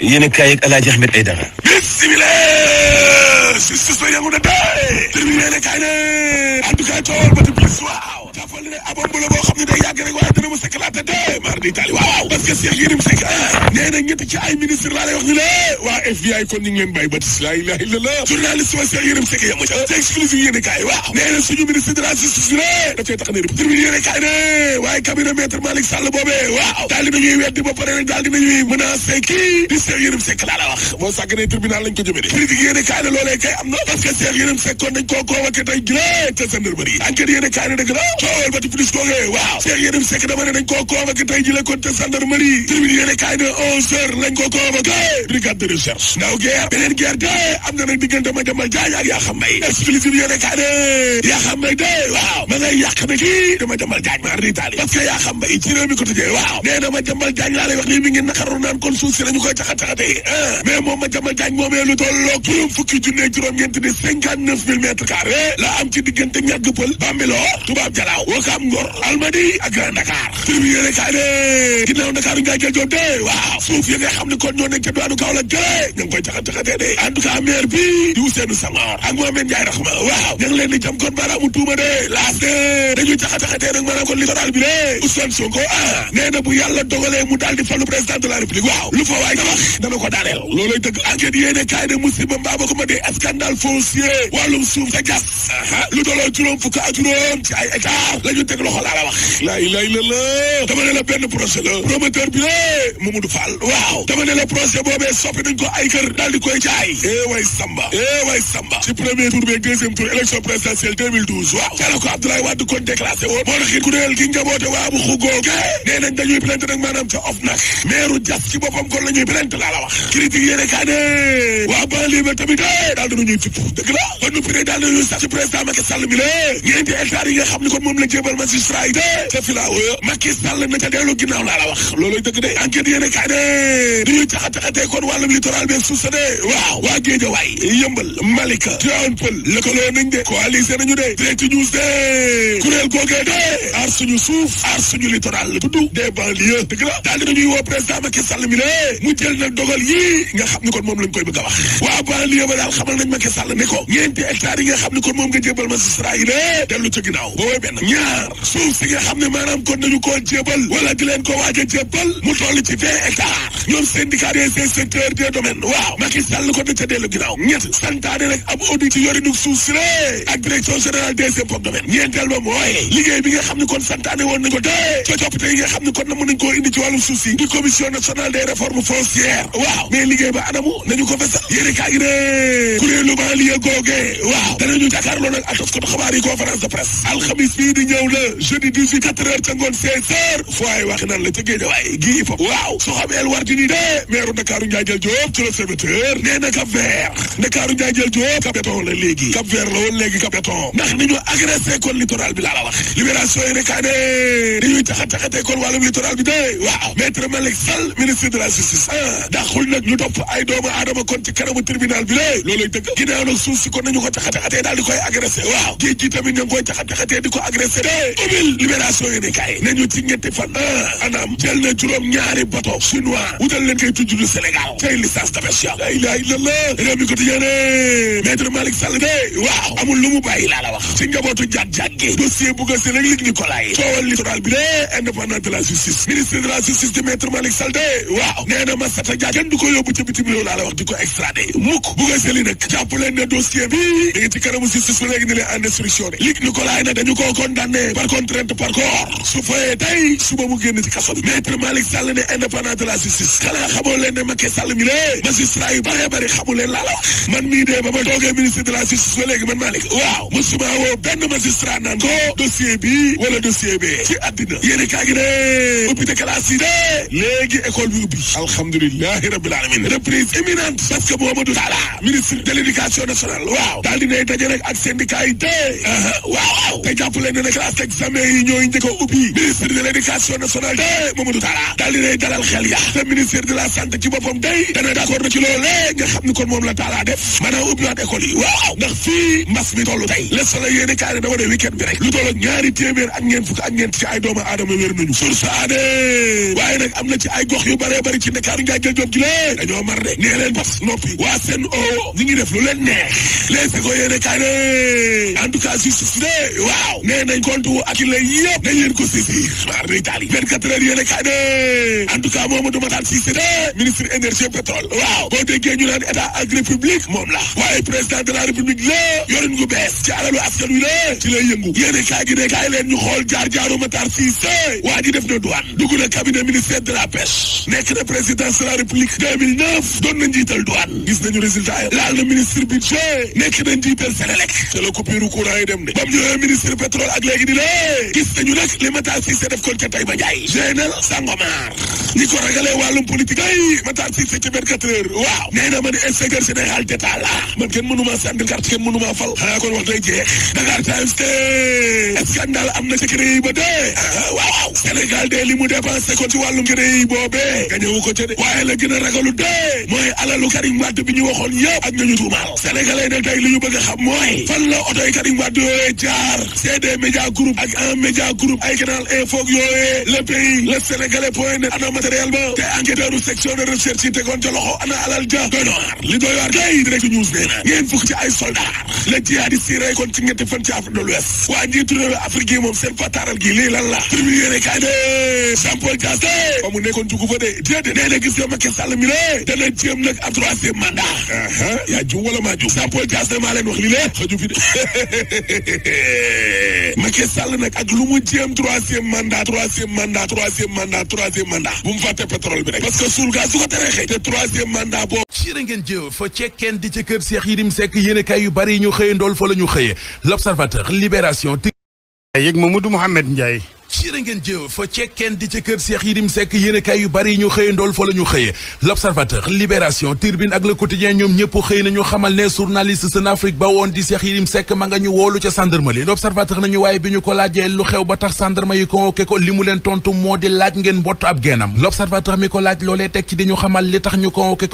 ينكايك على جحمد ايدغا بسم الله سيسو سيسو يا مولاي لك عيني عندك عيني abon bu la boo xam ne day yàgg rek waaye dina ma sëkkalaate de mar di taali waaw parce que Cheikh Yérim Seck ah, nee na ñetti ci ay ministre laa lay wax ni la waa FBI kon ñu ngi leen bàyyi bët laa ilaha illallah journaliste ba Cheikh Yérim Seck yama ca c'est exclusive yéene kaay waaw nee na suñu ministre de la justice ne da cay tax ne rib yéene kaay ne waaye cabinet maître Malick Sall boobee waaw daal dinañuy weddi ba pare rek daal dinañuy menacé kii di Cheikh Yérim Seck laa la wax boo sàgg ne tribunal lañ ko jëmee de critique yéene kaay ne loolee kay am na parce que Cheikh Yérim Seck kon dañ koo convoqué tey jëlee te gendarmerie enquête yéene kaay ne dëgg la bis googee waaw Cheikh Yérim Seck dama ne dañ koo convoqué ji la côté gendarmerie tribune yéene kaay de onze heures lañ ko convoqué brigade de recherche ndaw guerre beneen guerre de am na nag diggante ma jamal jaaj yaa xam may exclusive waaw ma ngay yàq na kii dama jamal jaaj maa ritaali parce que yaa xam may ci réew mi ko tëjee waaw nee na ma jamal jaaj wax lii mi ngi naqaru naan kon suuf si lañu koy caxat-caxatee mais moom ma jamal jaaj moomee lu tolloo juróom fukki Ngor Almadi ak Dakar tribune yéene kaay ne ginnaaw Dakar ngaa jël joob de waaw suuf yi nga xam ne kon ñoo nekk ca diwaanu Kaolack jële ñu ngi koy jaxat-jaxatee de en tout cas maire bi di Ousseynou Samar ak Mohamed Ndiaye Rahma waaw ñu ngi leen di jam kon baaraamu tuuma de laas de dañuy jaxat-jaxatee nag maanaam kon littoral bi de Ousmane Sonko ah nee na bu yàlla dogalee mu daal di falu président de la République waaw lu fa waay tabax dana ko daaneel loolay dëgg enquête yéene kaay ne musiba mbaaba ko ma dee scandale foncier wàllum suuf sa jas lu doloo juróom fukk ak juróom ci ay hectare lañu teg teg loxo laa la wax laa ilaaha illallaah dama ne la benn projet la promoteur bi de Mamadou Fall waaw dama ne la projet boobee soppi nañ ko ay kër daal di koy jaay eh way Samba eh way Samba ci premier tour beeg deuxième tour élection présidentielle 2012 waaw ca la ko Abdoulaye Wade kon déclassé woon moo taxit kuréel gi njaboote waa bu xugoo ga nee nañ dañuy plainte nag maanaam ca OFNAC meeru jas ci boppam kon la ñuy plainte laa la wax critique yéene kaa ne waa banlieue ba tamit daal dana ñuy fipp dëgg la ba nuppi ne daal danañuy sax ci président Macky Sall mi la ñeenti hectares yi nga xam ni kon moom la jébal ma magistrat yi de te filaawo Macky Sall na ca dellu ginnaaw laa la wax looloy dëgg de enquête yéene kaay de dañuy taxataxatee kon wàllum littoral bi suuf sa de waaw waa Géejawaay yëmbal Malika Tivaouane Peulh lëkkaloo nañ de coalisé nañu de direct news de kuréel googee de aar suñu suuf aar suñu littoral tudd des banlieues dëgg la daal dinañuy woo président Macky Sall mi de mu jël na dogal yii nga xam ni kon moom lañ koy bëgg a wax waa banlieue ba daal xamal nañ Macky Sall ne ko ñeenti hectares yi nga xam ni kon moom nga jébal magistrat yi de dellu ca ginnaaw boobu benn ñaar suuf bi nga xam ne maanaam kon nañu koo jébal wala di ko waaj a mu toll ci vingt hectares ñoom syndicat des secteurs des domaines waaw Macky Sall ko da ca dellu ginnaaw ñett santaane rek ab audit ci yorinu suuf si ak direction générale des impôts domaines ñeenteel ba mooy liggéey bi nga xam ne kon santaane woon nañ ko te ca yi nga xam ne kon na mën nañ koo indi ci wàllum suuf si di commission nationale des réformes foncières waaw mais liggéey ba jeudi 18 quatre heures ca ngoon seize heures foo ay waxi nan la ca géej waay gii fop waaw so xameel war di ni de meeru Ndakaaru Njaajël Jóob ci l'Observateur nee na Cap Vert Ndakaaru Njaajël Jóob la léegi Cap Vert la woon léegi Cap Béton ndax ni ñu agressé kon littoral bi laa la wax libération bi de waaw maître Malick Sall ministre de la justice a ah, nag ñu topp ay doomu aadama kon kanamu tribunal bi lé looloy dëgg ginnaaw nag suuf si kon nañu ko caxa daal di koy ubbil libération yéene kaay nañu ci ñetti fan eh, anam jël na juróom ñaari bato chinois wutal leen kay tudd Sénégal tey licence de pêche la ilaha illallah réew mi quotidien maître Malick Sall de waaw amul lu mu bàyyi laa la wax ci njabootu jag jag gi dossier bu gëstu rek lig Nicolas bi de indépendant de la justice ministre de la justice de maître Malick Sall waaw nee na Massata Dia du ko yóbbu ca bitim réew laa wax di ko extradé mukk bu gëstu nag jàpp leen contrainte par corps su fayee tey suba mu génn ci kaso bi maître Malick Sall ne indépendant de la justice xanaa xamoo leen ne Macky Sall mi lée magistrat yu bare bari xamu leen laa la man mii dee ba ma toogee ministre de la justice ba léegi man Malick waaw musuma woo benn magistrat naan ko wala dossier bi ci àddina yéeni ne ubbi te classe yi école bi ubbi alhamdulilahi rabbil alamin reprise imminente parce que Mamadou ministre de l'éducation nationale examen yi ñoo njëkk a ministre de l' nationale de eh, Mamadou Talla daal dalal xel ya te ministère de la santé ci boppam day dana d' na ci loolee nga xam kon moom la Talla def maanaam ubbiwaat école yi waaw ndax fii mbas mi toll tey le soleil yéene kaa ne dafa dee bi rek lu toll ñaari téeméer ak ñeent fukk ak ñeent ci ay doomu aadama wér nañu source ade waaye nag am ci ay gox yu bëree bëri ci Ndakaaru ngaa jël jom ji lee mar de nee leen bas noppi waa seen o ñu ngi def lu leen neex les ko yéene kaa en tout cas justice de waaw nee nañ compte mu accusé yëpp dañ leen ko saisir maar day taal yi 24 heures yéene kaay ne en tout cas Mamadou Matar Cissé de ministre énergie pétrole waaw boo déggee ñu naan état ak république moom la waaye président de la république la yorin gu bees ci alalu askan wi la ci lay yëngu yéene kaay gi ne kaay leen ñu xool jaar jaaru Matar Cissé waa ji def na douane dugg na cabinet ministère de la pêche nekk na présidence de la république 2009 doon na njiital douane gis nañu résultat yi laal na ministre budget nekk na njiital Sénélec te la coupure courant yi dem ne ba mu ñëwee ministre pétrole ak léegi di la gis nañu nag li Matar Cissé def kon ca Taïba Ndiaye général Sangomar ñi ko ragalee wàllum politique ay Matar Cissé ci 24 heures waaw nee na ma ni inspecteur général d'état la man kenn mënuma sànni carte kenn mënuma fal xanaa kon wax day jeex Dakar Times te scandale am na ci créé yi ba dee ah, waaw waaw Sénégal de li mu dépensé kon ci wàllum créé boobee gañewu ko ca de waaye la gën a ragalu dee mooy alalu Karim Wade bi ñu waxoon yëpp ak nañu tuumaal Sénégalais ne tey li ñu bëgg a xam mooy fan la oto yi Karim Wade yooyee jaar CD Média Group ak un média groupe ay canal info yooyee le pays le sénégalais point net ana matériel ba te enquêteuru section de recherche yi tegoon ca ana alal ja doy waar li doy waar kay direct news nee na ngeen fukk ci ay soldat la jihadiste yi kon ci ñetti fan ci Afrique de l'Ouest waa njiitu réew Afrique yi moom seen pataaral gi lii lan la premier yéene kay de Jean Paul Dias de ba mu nekkoon jugu fa de déedéet nee na gis nga Macky Sall mi ne dana jéem nag ab troisième mandat yaa ju wala maa ju Jean Paul Sall nag ak lu mu jéem troisième mandat troisième mandat troisième mandat troisième mandat bu mu fàtte pétrole bi rek parce que suul gaz su ko teree xëy te troisième mandat boobu cirë ngeen jëw fa cekkeen di ca kër Cheikh Yérim Seck yéen kay yu bari ñu xëye ndool fa la ñu xëye l'observateur libération yëg jërë ngeen jëw fa cekkeen di ca kër Cheikh Yérim Seck yéenekaay yu bari ñu xëye ndool fa la ñu xëye L'Observateur Libération Tribune ak Le Quotidien ñoom ñëpp xëy na xamal ne journaliste Sen Afrique ba woon di Cheikh Yérim Seck ma nga ñu woolu ca gendarmerie L'Observateur nañu waaye bi ñu ko laajee lu xew ba tax gendarme yi ko li mu leen tontu moo di laaj ngeen mbott ab geenam L'Observateur mi ko laaj loolee teg ci di ñu xamal li tax ñu convoqué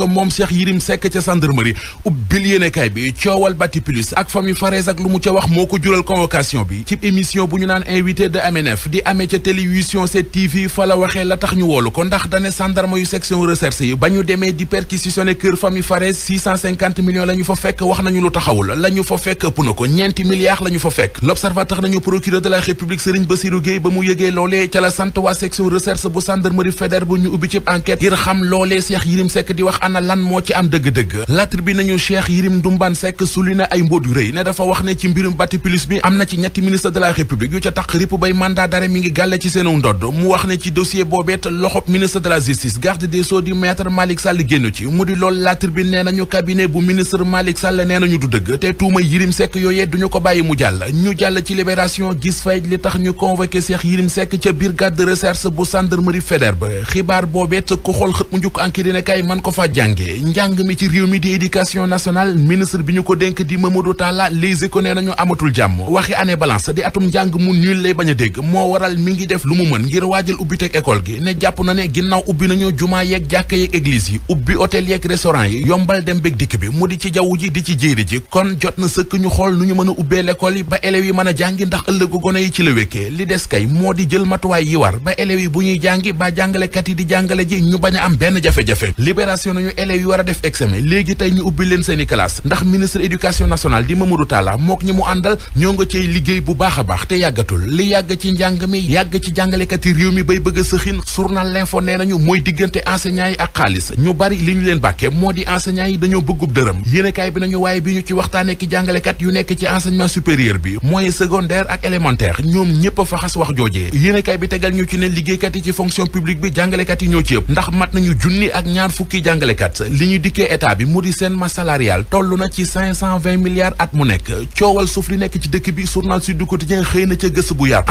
bu ñu naan demee ca télévision 7TV fa la waxee la tax ñu woolu ko ndax dane sandarma yu section recherche yi ba ñu demee di perquisitionné kër famille Fares 650 millions fa fekk wax nañu lu taxawul la fa fekk ëpp na ko ñeenti milliards la fa fekk l'observateur nañu procureur de la république Serigne Bassirou Gueye ba mu yëgee loolee ca la sant waa section recherche bu gendarmerie fédérale bu ñu ubbi ci enquête ngir xam loolee Cheikh Yirim Seck di wax ana lan moo ci am dëgg-dëgg gàlle ci seenu ndodd mu wax ne ci dossier boobeet loxob ministre de la justice garde des sceaux di maître Malick Sall génn ci mu di loolu la tribune nee nañu cabinet bu ministre Malick Sall nee nañu du dëgg te tuuma Yirim Seck yooyee duñu ko bàyyi mu jàll ñu jàll ci libération gis fay li tax ñu convoqué Cheikh Yirim Seck ca brigade de recherche bu gendarmerie fédérale xibaar boobeet ku xool xët mu njukk enquête man ko faa jànge njàng mi ci réew mi di éducation bi ko dénk di Mamadou a dégg mi ngi def lu mu mën ngir waajal ubbi teg école gi ne jàpp na ne ginnaaw ubbi nañu jumaa yeeg jàkka yeeg église yi ubbi hôtel yeeg restaurant yi yombal dem bég dikk bi mu di ci jaww ji di ci jéeri ji kon jot na sëkk ñu xool nu ñu mën a ubbee l'école yi ba élèves yi mën a jàngi ndax ëllëgu gone yi ci la wékkee li des kay moo di jël matuwaay yi war ba élèves yi bu ñuy jàngi ba jàngalekat yi di jàngale ji ñu bañ a am benn jafe-jafe libération nañu élèves yi war a def examen léegi tey ñu ubbi leen seeni classe ndax ministre éducation nationale di Mamadou Talla mook ñi mu àndal ñoo nga cey liggéey bu baax a te yàggatul li yàgg ci njàng yàgg ci jàngalekat yi réew mi bay bëgg a sëxin journal l'info nee nañu mooy diggante enseignants yi ak xaalis ñu bari li ñu leen bàkke moo di enseignants yi dañoo bëggub dërëm yéenekaay bi nañu waaye bi ñu ci waxtaanee ki jàngalekat yu nekk ci enseignement supérieur bi moyen secondaire ak élémentaire ñoom ñépp a fa xas wax joojee yéenekaay bi tegal ñu ci ne liggéeykat yi ci fonction publique bi jàngalekat yi ñoo ci ëpp ndax mat nañu junni ak ñaar fukki jàngalekat li ñu dikkee état bi mu di seen masse toll na ci cinq cent vingt milliards at mu nekk coowal suuf nekk ci dëkk bi journal Sud du Quotidien xëy na ca gës bu yàpp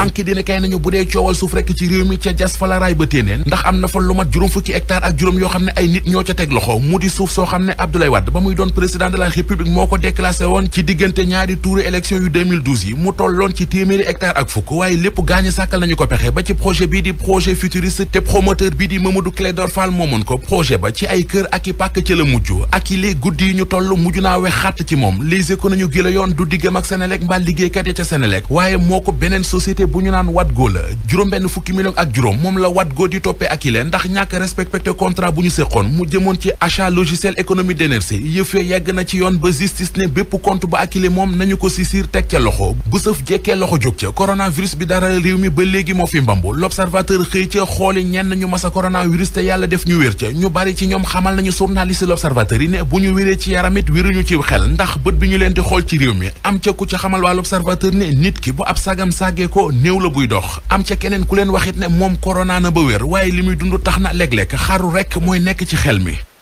dee coowal suuf rekk ci réew mi ca jas fa la ba téeneen ndax am na fa lu mat juróom fukki hectare ak juróom yoo xam ne ay nit ñoo ca teg loxo mu di suuf soo xam ne Abdoulaye Wade ba muy doon président de la république moo ko déclassé woon ci diggante ñaari tuuru élection yu 2012 yi mu tolloon ci téeméeri hectare ak fukk waaye lépp gaañe sàkkal nañu ko pexe ba ci projet bii di projet futuriste te promoteur bii di Mamadou Clédor Fall moomoon ko projet ba ci ay kër ak i pàkk ca la mujj ak i léegi ñu toll mujj naa wex xàtt ci moom lise ko nañu gila yoon du diggam ak Senelec mbaa liggéeykat ya ca Senelec waaye moo ko beneen société bu ñu naan Wadgo la juróom-benn fukki million ak juróom moom la wat goo di toppee ak Akilee ndax ñàkk respecté contrat bu ñu séqoon mu jëmoon ci achat logiciel économie d'énergie yëf yegg na ci yoon ba justice ne bépp cont ba Akilee moom nañu ko sisir teg ca loxo bu sëf jekkee loxo jóg ca coronavirus bi dara réew mi ba léegi moo fi mbambu l'observateur xëy ca xooli ñenn ñu masa coronavirus te yàlla def ñu wér ca ñu bari ci ñoom xamal nañu journaliste l'observateur yi ne bu ñu wéree ci yaramit wéruñu ci xel ndax bët bi ñu leen di xool ci réew mi am ca ku ci xamal waa ne nit ki bu ab sagam sàggee ko néew la buy dox am ca keneen ku leen waxit ne moom corona na ba wér waaye li muy dund tax na léeg-léeg xaru rek mooy nekk ci xel mi